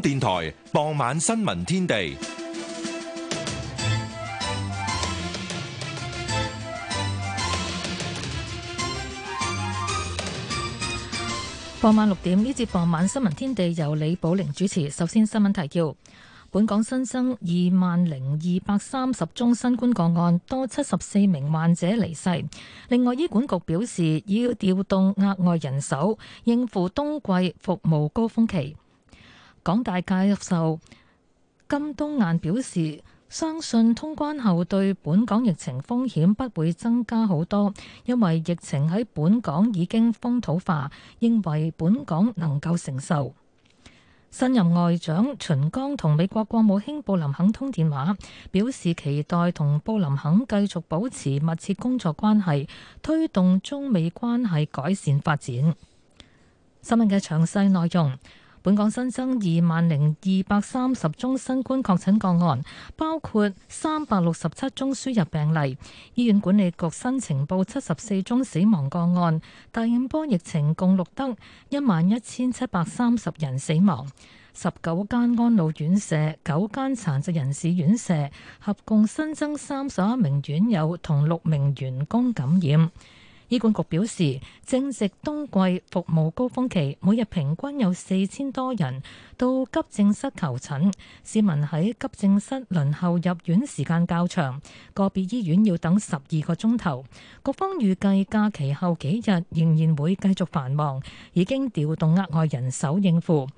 電台傍晚新聞天地。傍晚六點呢節傍晚新聞天地由李寶玲主持。首先新聞提要：本港新增二萬零二百三十宗新冠個案，多七十四名患者離世。另外，醫管局表示，要調動額外人手，應付冬季服務高峰期。港大教授金冬雁表示，相信通關後對本港疫情風險不會增加好多，因為疫情喺本港已經風土化，認為本港能夠承受。新任外長秦剛同美國國務卿布林肯通電話，表示期待同布林肯繼續保持密切工作關係，推動中美關係改善發展。新聞嘅詳細內容。本港新增二萬零二百三十宗新冠確診個案，包括三百六十七宗輸入病例。醫院管理局新呈報七十四宗死亡個案，第五波疫情共錄得一萬一千七百三十人死亡。十九間安老院舍、九間殘疾人士院舍合共新增三十一名院友同六名員工感染。醫管局表示，正值冬季服務高峰期，每日平均有四千多人到急症室求診。市民喺急症室輪候入院時間較長，個別醫院要等十二個鐘頭。局方預計假期後幾日仍然會繼續繁忙，已經調動額外人手應付。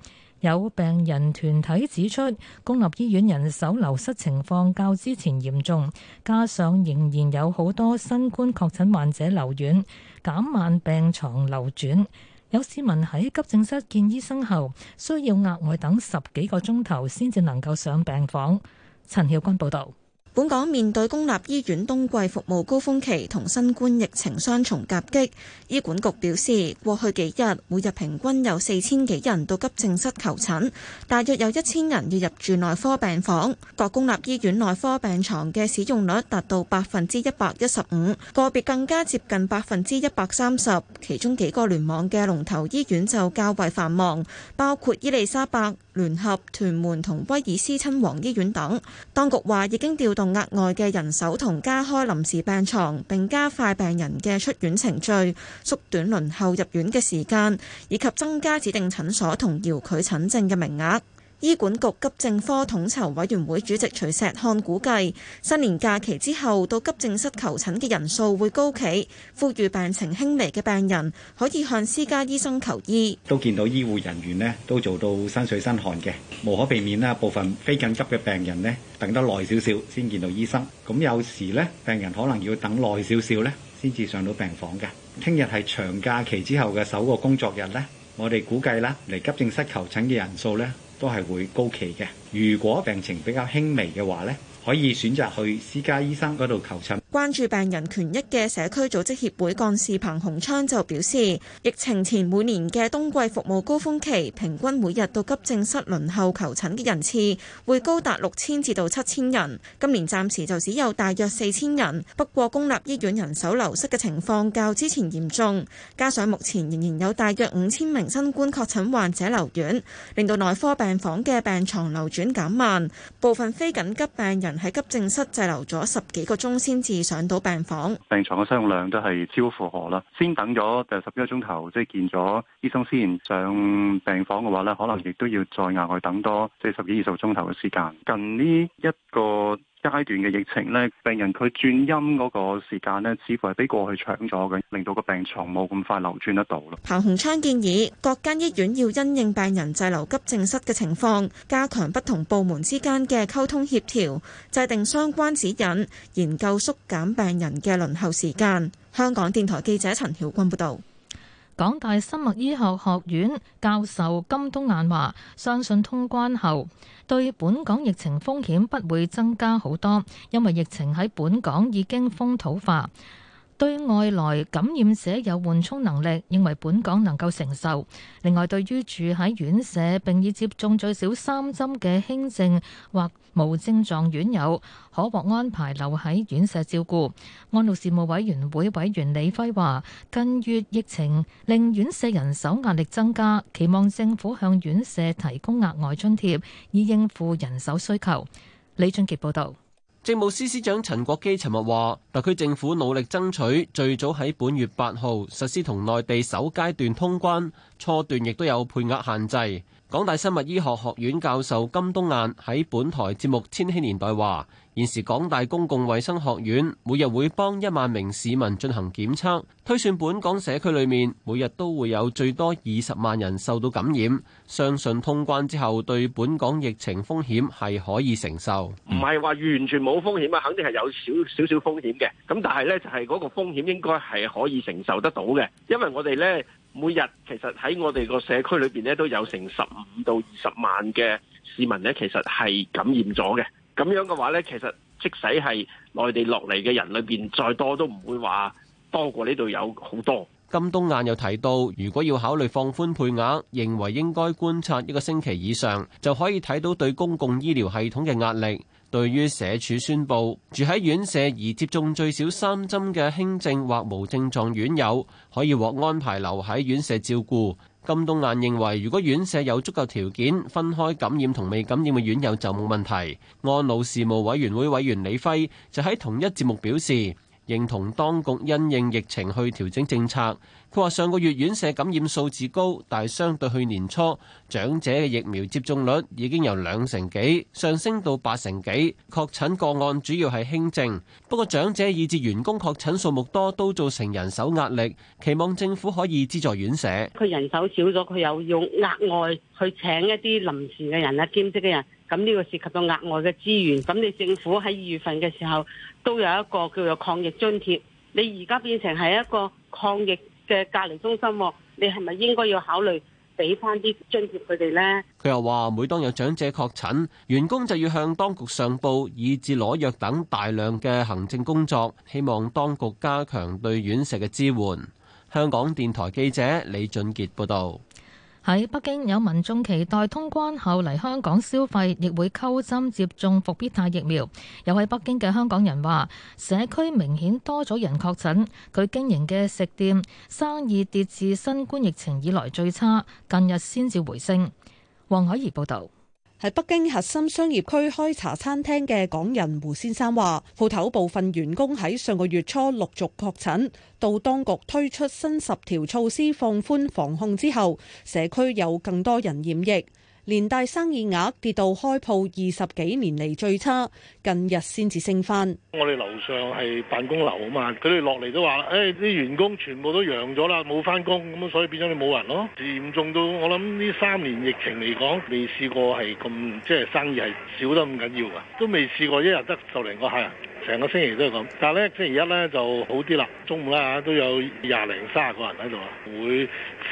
有病人團體指出，公立醫院人手流失情況較之前嚴重，加上仍然有好多新冠確診患者留院，減慢病床流轉，有市民喺急症室見醫生後需要額外等十幾個鐘頭先至能夠上病房。陳曉君報道。本港面對公立醫院冬季服務高峰期同新冠疫情雙重夾擊，醫管局表示，過去幾日每日平均有四千幾人到急症室求診，大約有一千人要入住內科病房。各公立醫院內科病床嘅使用率達到百分之一百一十五，個別更加接近百分之一百三十。其中幾個聯網嘅龍頭醫院就較為繁忙，包括伊利沙伯、聯合屯門同威爾斯親王醫院等，當局話已經調動額外嘅人手同加開臨時病床，並加快病人嘅出院程序，縮短輪候入院嘅時間，以及增加指定診所同遙距診症嘅名額。醫管局急症科統籌委員會主席徐錫漢估計，新年假期之後到急症室求診嘅人數會高企。呼籲病情輕微嘅病人可以向私家醫生求醫。都見到醫護人員咧，都做到身水身汗嘅，無可避免啦。部分非緊急嘅病人咧，等得耐少少先見到醫生。咁有時咧，病人可能要等耐少少咧，先至上到病房嘅。聽日係長假期之後嘅首個工作日咧，我哋估計啦，嚟急症室求診嘅人數咧。都係會高企嘅。如果病情比較輕微嘅話咧，可以選擇去私家醫生嗰度求診。關注病人權益嘅社區組織協會幹事彭洪昌就表示，疫情前每年嘅冬季服務高峰期，平均每日到急症室輪候求診嘅人次會高達六千至到七千人。今年暫時就只有大約四千人。不過公立醫院人手流失嘅情況較之前嚴重，加上目前仍然有大約五千名新冠確診患者留院，令到內科病房嘅病床流轉減慢，部分非緊急病人喺急症室滯留咗十幾個鐘先至上到病房，病床嘅使用量都係超負荷啦。先等咗大約十幾個鐘頭，即係見咗醫生先上病房嘅話咧，可能亦都要再額外等多即係十幾二十個鐘頭嘅時間。近呢一個。階段嘅疫情呢，病人佢轉陰嗰個時間咧，似乎係比過去搶咗嘅，令到個病床冇咁快流轉得到咯。彭洪昌建議各間醫院要因應病人滯留急症室嘅情況，加強不同部門之間嘅溝通協調，制定相關指引，研究縮減病人嘅輪候時間。香港電台記者陳曉君報道。港大生物醫學學院教授金冬雁話，相信通關後，對本港疫情風險不會增加好多，因為疫情喺本港已經風土化。對外來感染者有緩衝能力，認為本港能夠承受。另外，對於住喺院舍並已接種最少三針嘅輕症或無症狀院友，可獲安排留喺院舍照顧。安老事務委員會委員李輝話：近月疫情令院舍人手壓力增加，期望政府向院舍提供額外津貼，以應付人手需求。李俊傑報導。政務司司長陳國基尋日話，特區政府努力爭取最早喺本月八號實施同內地首階段通關，初段亦都有配額限制。港大生物醫學學院教授金冬燕喺本台節目《千禧年代》話：現時港大公共衛生學院每日會幫一萬名市民進行檢測，推算本港社區裡面每日都會有最多二十萬人受到感染。相信通關之後，對本港疫情風險係可以承受。唔係話完全冇風險啊，肯定係有少少少風險嘅。咁但係咧，就係嗰個風險應該係可以承受得到嘅，因為我哋咧。每日其實喺我哋個社區裏邊咧，都有成十五到二十萬嘅市民咧，其實係感染咗嘅。咁樣嘅話咧，其實即使係內地落嚟嘅人裏邊再多，都唔會話多過呢度有好多。金冬雁又提到，如果要考慮放寬配額，認為應該觀察一個星期以上，就可以睇到對公共醫療系統嘅壓力。對於社署宣布，住喺院舍而接種最少三針嘅輕症或無症狀院友，可以獲安排留喺院舍照顧。金冬雁認為，如果院舍有足夠條件分開感染同未感染嘅院友，就冇問題。安老事務委員會委員李輝就喺同一節目表示，認同當局因應疫情去調整政策。佢話：上個月院舍感染數字高，但係相對去年初，長者嘅疫苗接種率已經由兩成幾上升到八成幾。確診個案主要係輕症，不過長者以至員工確診數目多，都造成人手壓力。期望政府可以資助院舍。佢人手少咗，佢有要額外去請一啲臨時嘅人啊，兼職嘅人。咁呢個涉及到額外嘅資源，咁你政府喺二月份嘅時候都有一個叫做抗疫津貼，你而家變成係一個抗疫嘅隔離中心，你係咪應該要考慮俾翻啲津貼佢哋呢？佢又話，每當有長者確診，員工就要向當局上報，以至攞藥等大量嘅行政工作，希望當局加強對院舍嘅支援。香港電台記者李俊傑報道。喺北京有民眾期待通關後嚟香港消費，亦會溝針接種復必泰疫苗。有喺北京嘅香港人話：社區明顯多咗人確診，佢經營嘅食店生意跌至新冠疫情以來最差，近日先至回升。黃海怡報導。喺北京核心商業區開茶餐廳嘅港人胡先生話，鋪頭部分員工喺上個月初陸續確診，到當局推出新十條措施放寬防控之後，社區有更多人染疫。連帶生意額跌到開鋪二十幾年嚟最差，近日先至升翻。我哋樓上係辦公樓啊嘛，佢哋落嚟都話：誒啲員工全部都陽咗啦，冇翻工，咁所以變咗你冇人咯。嚴重到我諗呢三年疫情嚟講，未試過係咁，即係生意係少得咁緊要噶，都未試過一日得十零個客人，成個星期都係咁。但係咧星期一咧就好啲啦，中午咧都有廿零卅個人喺度，會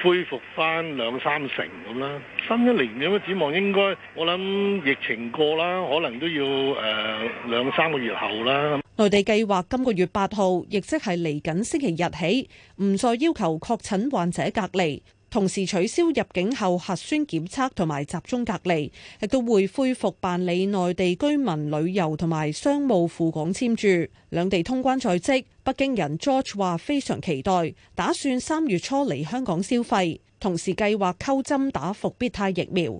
恢復翻兩三成咁啦。新一年點？指望應該，我諗疫情過啦，可能都要誒兩三個月後啦。內地計劃今個月八號，亦即係嚟緊星期日起，唔再要求確診患者隔離，同時取消入境後核酸檢測同埋集中隔離，亦都會恢復辦理內地居民旅遊同埋商務赴港簽注，兩地通關在即。北京人 George 話非常期待，打算三月初嚟香港消費，同時計劃溝針打復必泰疫苗。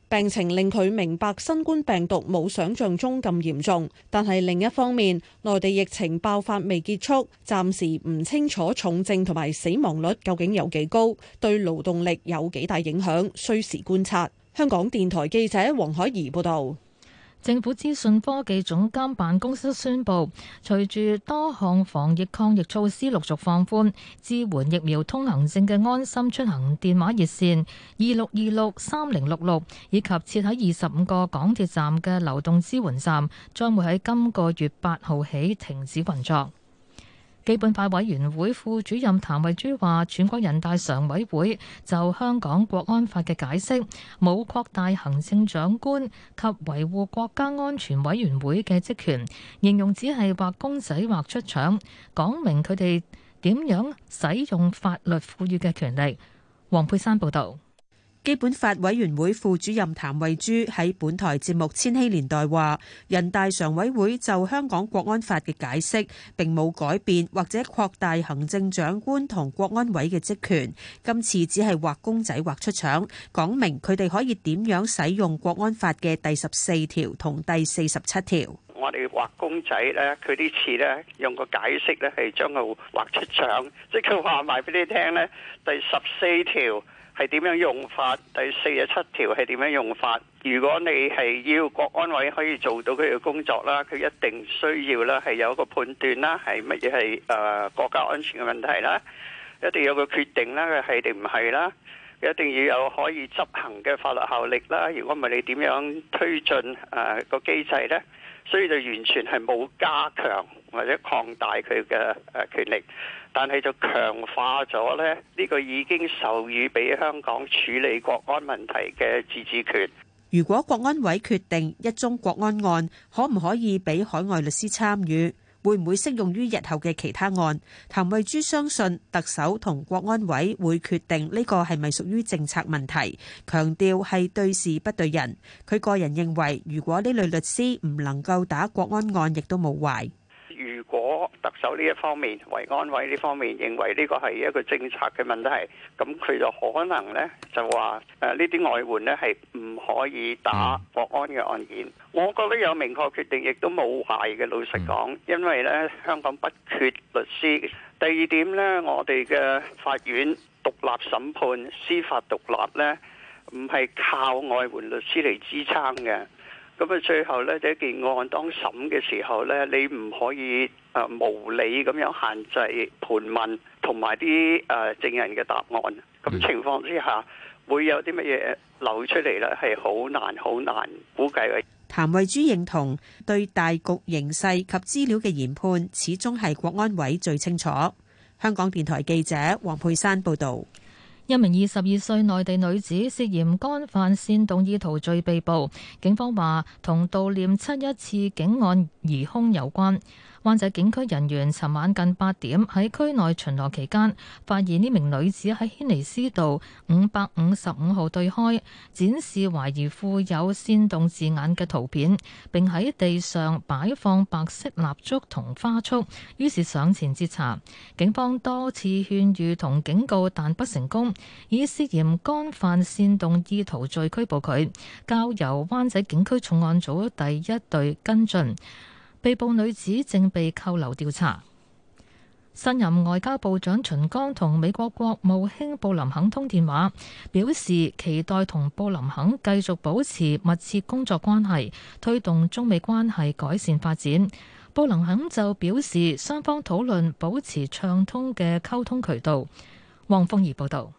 病情令佢明白新冠病毒冇想象中咁嚴重，但係另一方面，內地疫情爆發未結束，暫時唔清楚重症同埋死亡率究竟有幾高，對勞動力有幾大影響，需時觀察。香港電台記者黃海怡報道。政府資訊科技總監辦公室宣布，隨住多項防疫抗疫措施陸續放寬，支援疫苗通行證嘅安心出行電話熱線二六二六三零六六，以及設喺二十五個港鐵站嘅流動支援站，將會喺今個月八號起停止運作。基本法委員會副主任譚慧珠話，全國人大常委會就香港國安法嘅解釋冇擴大行政長官及維護國家安全委員會嘅職權，形容只係畫公仔畫出腸，講明佢哋點樣使用法律賦予嘅權利，黃佩珊報道。基本法委員會副主任譚慧珠喺本台節目《千禧年代》話人大常委會就香港國安法嘅解釋並冇改變或者擴大行政長官同國安委嘅職權，今次只係畫公仔畫出腸，講明佢哋可以點樣使用國安法嘅第十四條同第四十七條。我哋畫公仔咧，佢呢次咧，用個解釋咧，係將佢畫出腸，即係佢話埋俾你聽咧。第十四條。係點樣用法？第四十七條係點樣用法？如果你係要國安委可以做到佢嘅工作啦，佢一定需要啦，係有一個判斷啦，係乜嘢係誒國家安全嘅問題啦，一定要有一個決定啦，佢係定唔係啦，一定要有可以執行嘅法律效力啦。如果唔係你點樣推進誒個機制呢？所以就完全係冇加強或者擴大佢嘅誒權力。但係就強化咗咧呢個已經授予俾香港處理國安問題嘅自治權。如果國安委決定一宗國安案，可唔可以俾海外律師參與？會唔會適用於日後嘅其他案？譚慧珠相信特首同國安委會決定呢個係咪屬於政策問題，強調係對事不對人。佢個人認為，如果呢類律師唔能夠打國安案，亦都冇壞。如果特首呢一方面、維安委呢方面認為呢個係一個政策嘅問題，咁佢就可能呢就話誒呢啲外援呢係唔可以打國安嘅案件。我覺得有明確決定，亦都冇壞嘅。老實講，因為呢香港不缺律師。第二點呢，我哋嘅法院獨立審判、司法獨立呢，唔係靠外援律師嚟支撐嘅。咁啊，最後呢，咧，一件案當審嘅時候呢，你唔可以誒無理咁樣限制盤問同埋啲誒證人嘅答案，咁情況之下會有啲乜嘢流出嚟？呢，係好難好難估計嘅。譚慧珠認同，對大局形勢及資料嘅研判，始終係國安委最清楚。香港電台記者黃佩珊報道。一名二十二歲內地女子涉嫌干犯煽動意圖罪被捕，警方話同悼念七一刺警案疑凶有關。灣仔警區人員尋晚近八點喺區內巡邏期間，發現呢名女子喺軒尼詩道五百五十五號對開展示懷疑附有煽動字眼嘅圖片，並喺地上擺放白色蠟燭同花束，於是上前截查。警方多次勸喻同警告，但不成功，以涉嫌干犯煽動意圖罪拘捕佢，交由灣仔警區重案組第一隊跟進。被捕女子正被扣留調查。新任外交部長秦剛同美國國務卿布林肯通電話，表示期待同布林肯繼續保持密切工作關係，推動中美關係改善發展。布林肯就表示，雙方討論保持暢通嘅溝通渠道。汪峰儀報道。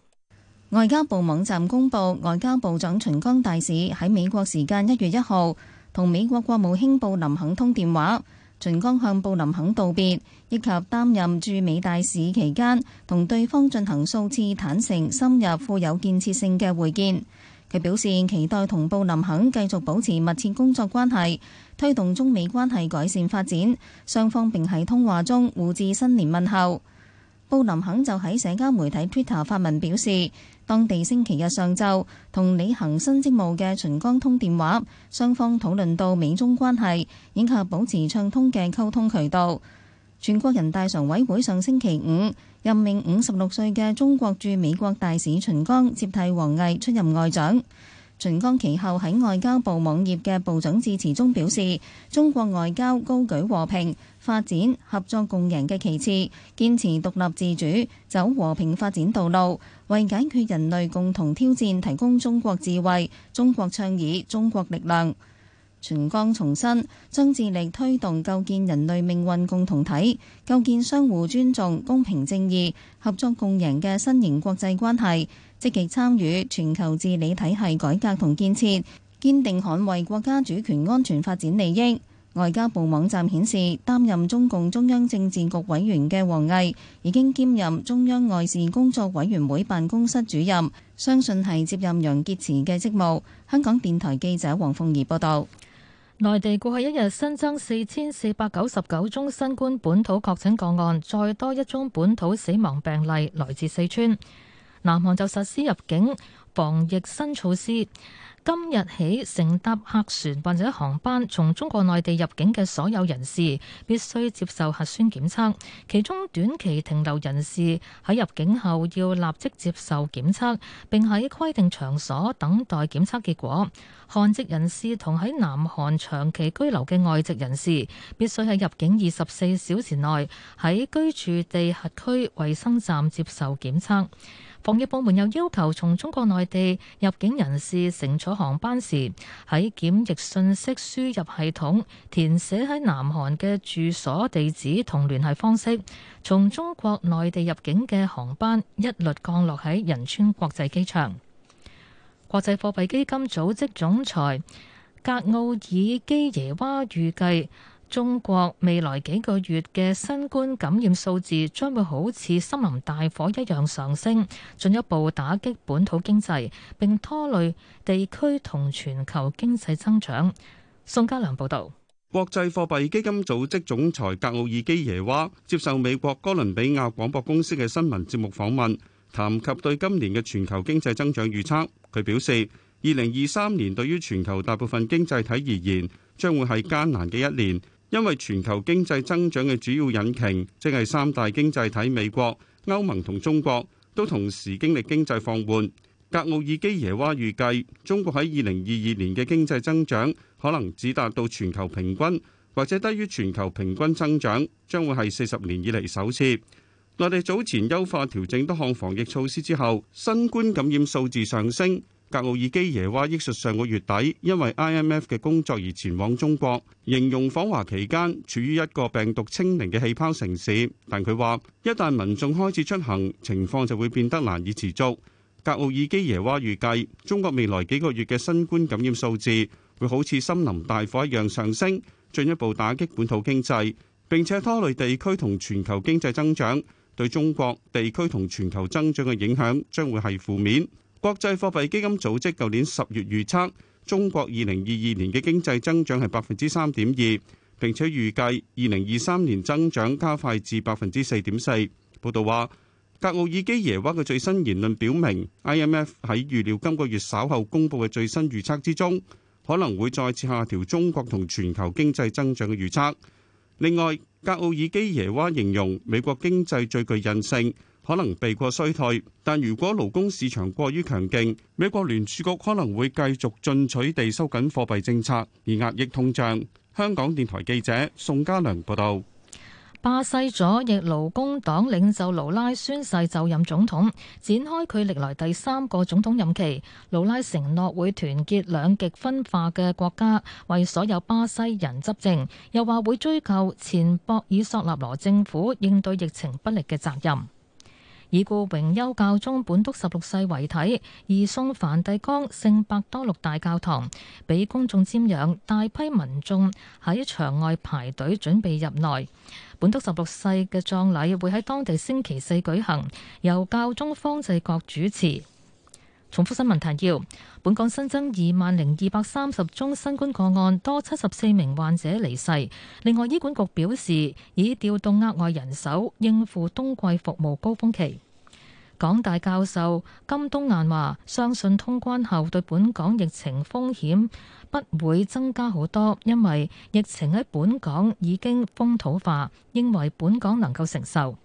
外交部網站公布，外交部長秦剛大使喺美國時間一月一號。同美國國務卿布林肯通電話，秦剛向布林肯道別，以及擔任駐美大使期間，同對方進行數次坦誠、深入、富有建設性嘅會見。佢表示期待同布林肯繼續保持密切工作關係，推動中美關係改善發展。雙方並喺通話中互致新年問候。布林肯就喺社交媒體 Twitter 發文表示。當地星期日上晝，同履行新職務嘅秦剛通電話，雙方討論到美中關係以及保持暢通嘅溝通渠道。全國人大常委會上星期五任命五十六歲嘅中國駐美國大使秦剛接替王毅出任外長。秦剛其後喺外交部網頁嘅部長致辭中表示，中國外交高舉和平、發展、合作、共贏嘅旗幟，堅持獨立自主，走和平發展道路。為解決人類共同挑戰，提供中國智慧、中國倡議、中國力量。全剛重申，將致力推動構建人類命運共同體，構建相互尊重、公平正義、合作共贏嘅新型國際關係，積極參與全球治理體系改革同建設，堅定捍衛國家主權、安全、發展利益。外交部網站顯示，擔任中共中央政治局委員嘅王毅已經兼任中央外事工作委員會辦公室主任，相信係接任楊潔篪嘅職務。香港電台記者黃鳳儀報道，內地過去一日新增四千四百九十九宗新冠本土確診個案，再多一宗本土死亡病例來自四川。南韓就實施入境防疫新措施。今日起，乘搭客船或者航班從中國內地入境嘅所有人士，必須接受核酸檢測，其中短期停留人士喺入境後要立即接受檢測，並喺規定場所等待檢測結果。韓籍人士同喺南韓長期居留嘅外籍人士，必須喺入境二十四小時內喺居住地轄區衛生站接受檢測。防疫部門又要求從中國內地入境人士乘坐航班時，喺檢疫信息輸入系統填寫喺南韓嘅住所地址同聯繫方式。從中國內地入境嘅航班一律降落喺仁川國際機場。國際貨幣基金組織總裁格奧爾基耶娃預計。中國未來幾個月嘅新冠感染數字將會好似森林大火一樣上升，進一步打擊本土經濟，並拖累地區同全球經濟增長。宋家良報道。國際貨幣基金組織總裁格奧爾基耶娃接受美國哥倫比亞廣播公司嘅新聞節目訪問，談及對今年嘅全球經濟增長預測，佢表示，二零二三年對於全球大部分經濟體而言，將會係艱難嘅一年。因為全球經濟增長嘅主要引擎，即係三大經濟體美國、歐盟同中國，都同時經歷經濟放緩。格奧爾基耶娃預計，中國喺二零二二年嘅經濟增長可能只達到全球平均，或者低於全球平均增長，將會係四十年以嚟首次。內地早前優化調整多項防疫措施之後，新冠感染數字上升。格奧爾基耶娃憶述：「上個月底因為 IMF 嘅工作而前往中國，形容訪華期間處於一個病毒清零嘅氣泡城市，但佢話一旦民眾開始出行，情況就會變得難以持續。」格奧爾基耶娃預計中國未來幾個月嘅新冠感染數字會好似森林大火一樣上升，進一步打擊本土經濟，並且拖累地區同全球經濟增長。對中國地區同全球增長嘅影響將會係負面。國際貨幣基金組織舊年十月預測中國二零二二年嘅經濟增長係百分之三點二，並且預計二零二三年增長加快至百分之四點四。報道話，格奧爾基耶娃嘅最新言論表明，IMF 喺預料今個月稍後公布嘅最新預測之中，可能會再次下調中國同全球經濟增長嘅預測。另外，格奧爾基耶娃形容美國經濟最具韌性。可能避過衰退，但如果勞工市場過於強勁，美國聯儲局可能會繼續進取地收緊貨幣政策，而壓抑通脹。香港電台記者宋家良報道：巴西左翼勞工黨領袖盧拉宣誓就任總統，展開佢歷來第三個總統任期。盧拉承諾會團結兩極分化嘅國家，為所有巴西人執政，又話會追究前博爾索納羅政府應對疫情不力嘅責任。以故榮休教宗本篤十六世遺體移送梵蒂岡聖伯多祿大教堂，俾公眾瞻仰。大批民眾喺場外排隊準備入內。本篤十六世嘅葬禮會喺當地星期四舉行，由教宗方濟各主持。重複新聞提要：本港新增二萬零二百三十宗新冠個案，多七十四名患者離世。另外，醫管局表示已調動額外人手應付冬季服務高峰期。港大教授金冬雁話：相信通關後對本港疫情風險不會增加好多，因為疫情喺本港已經風土化，認為本港能夠承受。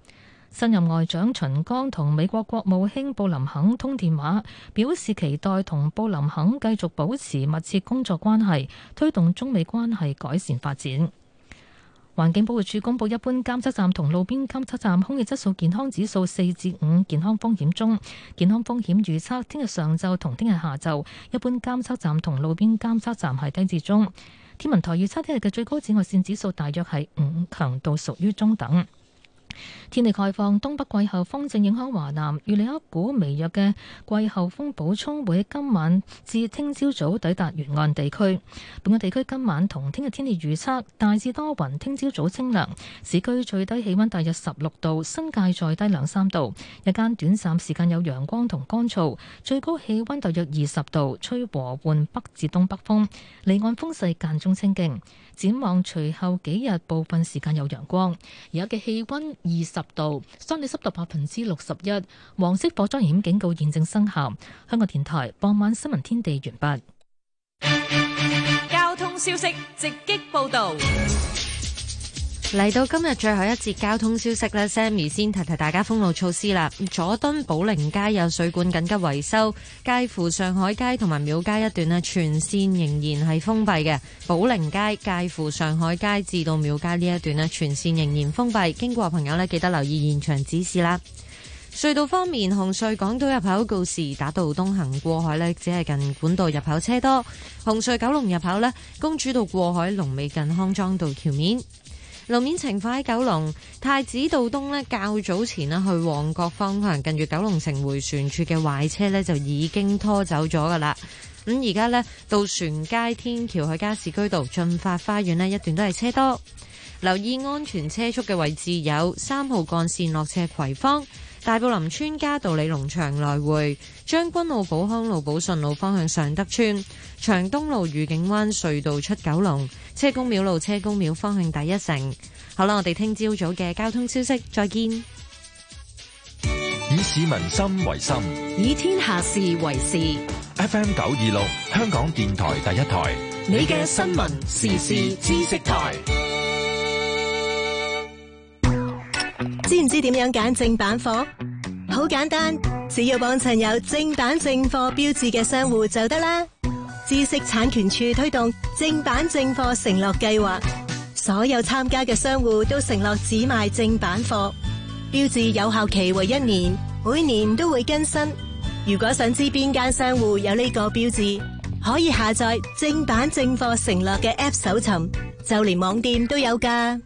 新任外長秦剛同美國國務卿布林肯通電話，表示期待同布林肯繼續保持密切工作關係，推動中美關係改善發展。環境保護署公布，一般監測站同路邊監測站空氣質素健康指數四至五，健康風險中；健康風險預測，聽日上晝同聽日下晝，一般監測站同路邊監測站係低至中。天文台預測，聽日嘅最高紫外線指數大約係五，強度屬於中等。天氣概況，東北季候風正影響華南，預料一股微弱嘅季候風補充會喺今晚至聽朝早，早抵達沿岸地區。本港地區今晚同聽日天氣預測大致多雲，聽朝早，早清涼，市區最低氣溫大約十六度，新界再低兩三度。日間短暫時間有陽光同乾燥，最高氣溫大約二十度，吹和緩北至東北風，離岸風勢間中清勁。展望隨後幾日部分時間有陽光，而家嘅氣温二十度，相對濕度百分之六十一，黃色火災危險警告現正生效。香港電台傍晚新聞天地完畢。交通消息直擊報道。嚟到今日最後一節交通消息咧，Sammy 先提提大家封路措施啦。佐敦寶靈街有水管緊急維修，介乎上海街同埋廟街一段咧，全線仍然係封閉嘅。寶靈街介乎上海街至到廟街呢一段咧，全線仍然封閉。經過朋友呢，記得留意現場指示啦。隧道方面，紅隧港島入口告士打道東行過海呢，只係近管道入口車多。紅隧九龍入口呢，公主道過海龍尾近康莊道橋面。路面情況喺九龍太子道東咧，較早前啦去旺角方向，近住九龍城迴旋處嘅壞車咧，就已經拖走咗噶啦。咁而家咧，渡船街天橋去加士居道進發花園咧一段都係車多。留意安全車速嘅位置有三號幹線落車葵芳。大埔林村嘉道理農場來回、將軍澳寶康路寶順路方向、尚德邨長東路、御景灣隧道出九龍、車公廟路車公廟方向、第一城。好啦，我哋聽朝早嘅交通消息再見。以市民心為心，以天下事為事。F M 九二六香港電台第一台，你嘅新聞時事知識台。知唔知點樣揀正版貨？好簡單，只要幫襯有正版正貨標誌嘅商戶就得啦。知識產權處推動正版正貨承諾計劃，所有參加嘅商戶都承諾只賣正版貨。標誌有效期為一年，每年都會更新。如果想知邊間商戶有呢個標誌，可以下載正版正貨承諾嘅 App 搜尋，就連網店都有噶。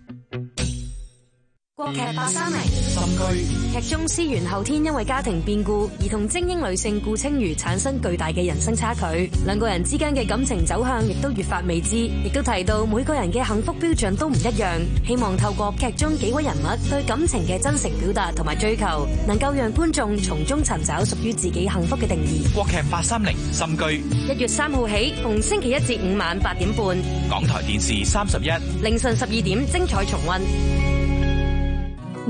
國劇八三零，新居。劇中思源後天因為家庭變故，而同精英女性顧清如產生巨大嘅人生差距。兩個人之間嘅感情走向亦都越發未知，亦都提到每個人嘅幸福標準都唔一樣。希望透過劇中幾位人物對感情嘅真誠表達同埋追求，能夠讓觀眾從中尋找屬於自己幸福嘅定義。國劇八三零，新居。一月三號起，逢星期一至五晚八點半，港台電視三十一，凌晨十二點，精彩重温。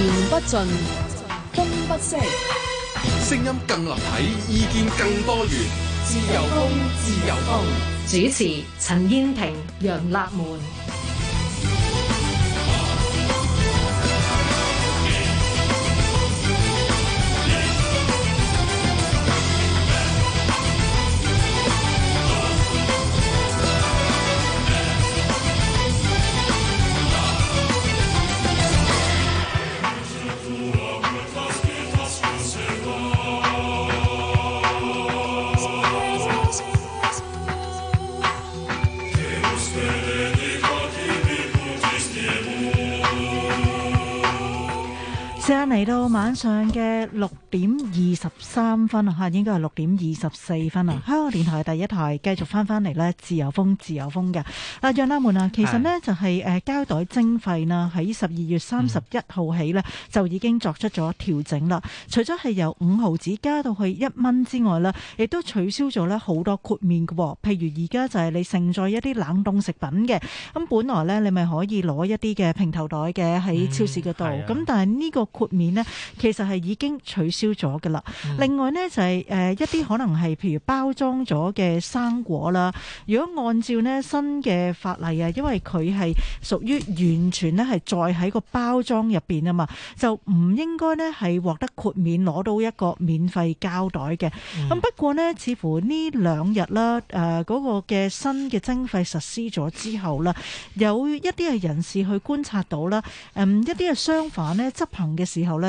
言不盡，風不息。聲音更立體，意見更多元，自由風，自由風。主持：陳燕萍、楊立門。晚上嘅六點。三分啊嚇，應該係六點二十四分啊！香港電台第一台繼續翻翻嚟呢，自由風自由風嘅嗱、啊，讓家們啊，其實呢是就係誒膠袋徵費啦，喺十二月三十一號起呢，就已經作出咗調整啦。除咗係由五毫子加到去一蚊之外咧，亦都取消咗呢好多豁免嘅喎、哦。譬如而家就係你盛載一啲冷凍食品嘅咁、嗯，本來呢，你咪可以攞一啲嘅平頭袋嘅喺超市嗰度咁，嗯啊、但係呢個豁免呢，其實係已經取消咗嘅啦。嗯。另外呢就係誒一啲可能係譬如包裝咗嘅生果啦，如果按照咧新嘅法例啊，因為佢係屬於完全咧係再喺個包裝入邊啊嘛，就唔應該咧係獲得豁免攞到一個免費膠袋嘅。咁、嗯、不過咧，似乎呢兩日啦誒個嘅新嘅徵費實施咗之後啦，有一啲嘅人士去觀察到啦，誒、嗯、一啲嘅商販咧執行嘅時候咧。